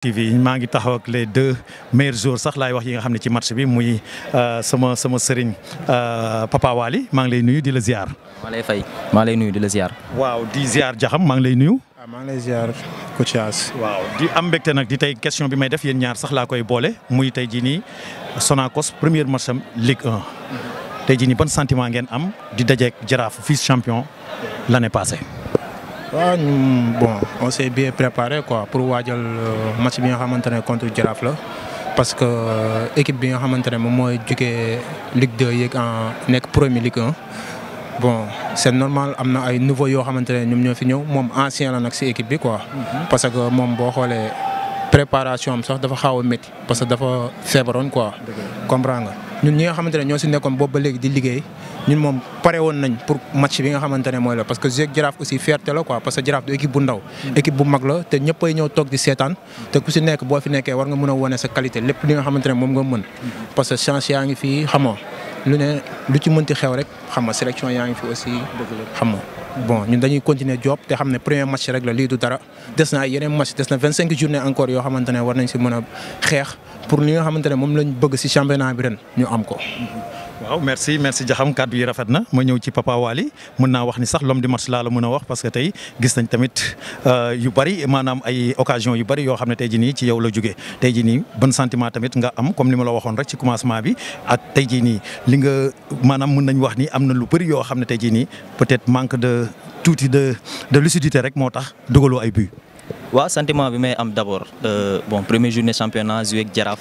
TV maa ngi taxaw ak les deux meilleurs joueurs sax laay wax yi nga xam ne ci match bi muy euh, sama sama sëriñ euh, Papa Wali maa ngi lay nuyu di la ziar. maa lay fay maa lay nuyu di la ziar. waaw di ziar jaxam maa ngi lay nuyu. Ah, maa ngi lay ziar Koutias. waaw di am mbégte nag di tey question bi may def yéen ñaar sax laa koy boole muy tey jii nii Sonacos premier match am Ligue 1. Mm-hmm. tey jii ni ban sentiment ngeen am di dajeek Jaraaf fi champion l'année passée. waaw ñu bon on s'est bien préparé quoi pour waajal euh, match bi nga xamante ne contre Jaraaf la parce que euh, équipe bi nga xamante ne moom mooy jugee Ligue 2 yeeg en nekk premier Ligue 1. bon c'est normal am na ay nouveau yoo xamante ne ñoom ñoo fi ñëw moom ancien la nag ci équipe bi quoi. Mhm. parce que moom boo xoolee préparation am sax dafa xaaw a métti parce que dafa feebaroon quoi. comprendre nga ñun ñi nga xamante ne ñoo si nekkoon boobu ba léegi di liggéey. ñun moom pare woon nañ pour match bi nga xamante ne la parce que Géeg Jaraaf aussi fierté la quoi parce que Jaraaf du équipe bu ndaw. Mm. équipe bu mag la te ñëppay ñëw toog di seetaan. te ku si nekk boo fi nekkee war nga mën a wane sa qualité lépp li nga xamante ne moom nga mën. Mm. parce que chance yaa ngi fi xamoo lu ne lu ci mënti xew rek xam nga sélection yaa ngi fi aussi. xam nga bon ñun dañuy continuer job te xam premier match rek la lii du dara. des na ay yeneen match des na vingt cinq journée encore yoo xamante ne war nañ si mën a pour li nga xamante ne moom lañ bëgg si championnat bi ren ñu am ko. Mm-hmm. waaw merci merci Diakham kàddu yi rafet na ma ñëw ci Papa Waly mën naa wax ni sax l'homme du match laa la mën a wax parce que tey gis nañ tamit euh, yu bari maanaam ay occasion yu bari yoo xam ne tey ji nii ci yow la jógee tey ji nii bon sentiment tamit nga am comme li ma la waxoon rek ci commencement bi ak tey ji nii li nga maanaam mën nañ wax ni am na lu bari yoo xam ne tey ji nii peut-être manque de tuuti de de lucidité rek moo tax dugaloo ay but. waaw sentiment bi may am d'abord euh, bon première journée championnat joué ak Jaraaf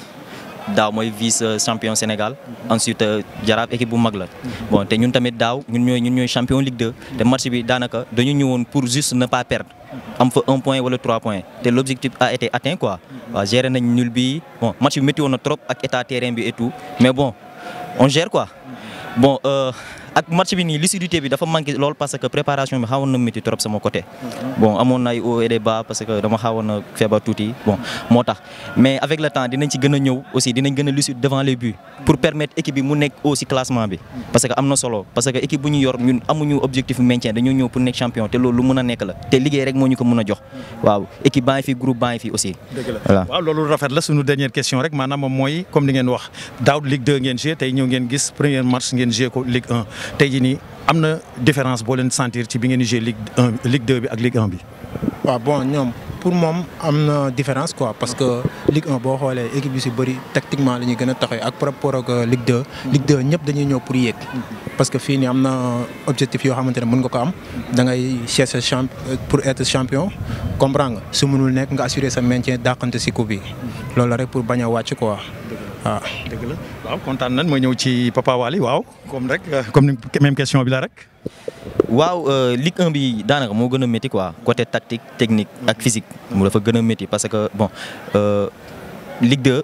daw moy vice euh, champion Sénégal mhm. ensuite euh, jarab équipe bu mag la mhm. bon té ñun tamit daw ñun ñoy ñun ñoy champion Ligue 2 té match bi danaka dañu ñëwone pour juste ne pas perdre mhm. am fa un point wala trois points té l'objectif a été atteint quoi wa géré nañ nul bi bon match bi metti woon trop ak état terrain bi et tout mais bon on gère quoi bon euh, ak match bi ni lucidité bi dafa manqué lool parce que préparation bi xawon na métti trop sama côté. bon amoon ay hauts et bas parce que dama xawon na feebar touti. bon motax mais avec le temps dinañ ci gëna ñëw aussi dinañ gëna a lucide devant les buts pour permettre équipe bi mu nekk aussi classement bi. parce que amna solo parce que équipe bu ñu yor ñun amuñu objectif maintien dañu ñëw pour nekk champion té loolu lu mën nekk la té liggéey rek moñu ko mëna jox waaw équipe baa fi groupe baa fi aussi. voilà waaw loolu rafet la suñu dernière question rek maanaam moy comme ni ngeen wax daaw Ligue 2 ngeen jé tay ñëw ngeen gis premier match ngeen joué ko Ligue 1 tey jii nii am na différence boo leen sentir ci bi ngeen di jouer Ligue 1 bi ak Ligue 1 bi. waaw bon ñoom pour moom am na différence quoi parce que Ligue 1 boo xoolee équipe yu si bëri tactiquement lañuy ñuy gën a taxawee ak par rapport ak euh, Ligue 2. ñëpp dañuy ñëw pour yéeg. parce que fii nii am na objectif yoo xamante ne mën nga ko am. da ngay chercher champ euh, pour être champion. comprendre nga su mënul nekk nga assurer sa maintien dàqante si coupe bi. loolu rek pour bañ a wàcc quoi. waaw ah. dëgg la waaw kontaan nan ma ñëw ci Papa wali waaw comme rek euh, comme même question bi la rek. waaw euh, Ligue 1 bi daanaka moo gën a quoi côté tactique technique ak mm. physique mu dafa gën a parce que bon euh, Ligue 2.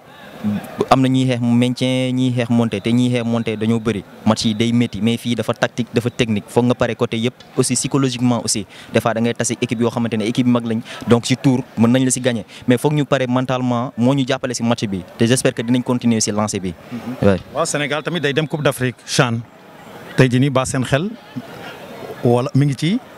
am na ñiy xeex maintien ñiy xeex monté dañoo bëri match yi day métti mais fii dafa tactique dafa technique foog nga pare côté yëpp aussi psychologiquement aussi des fois da équipe yoo xamante ne lañ donc si tour mais foog ñu pare mentalement moo ñu jàppale si match bi te j'espère que dinañ continuer si lancé bi. Mhm. Sénégal tamit day dem Coupe d'Afrique CHAN tey jii nii seen xel wala ngi ci.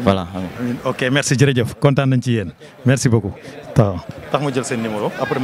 voilà ok merci jërëjëf kontaan nañ ci yéen merci beaucoup. tax ma jël seen numéro après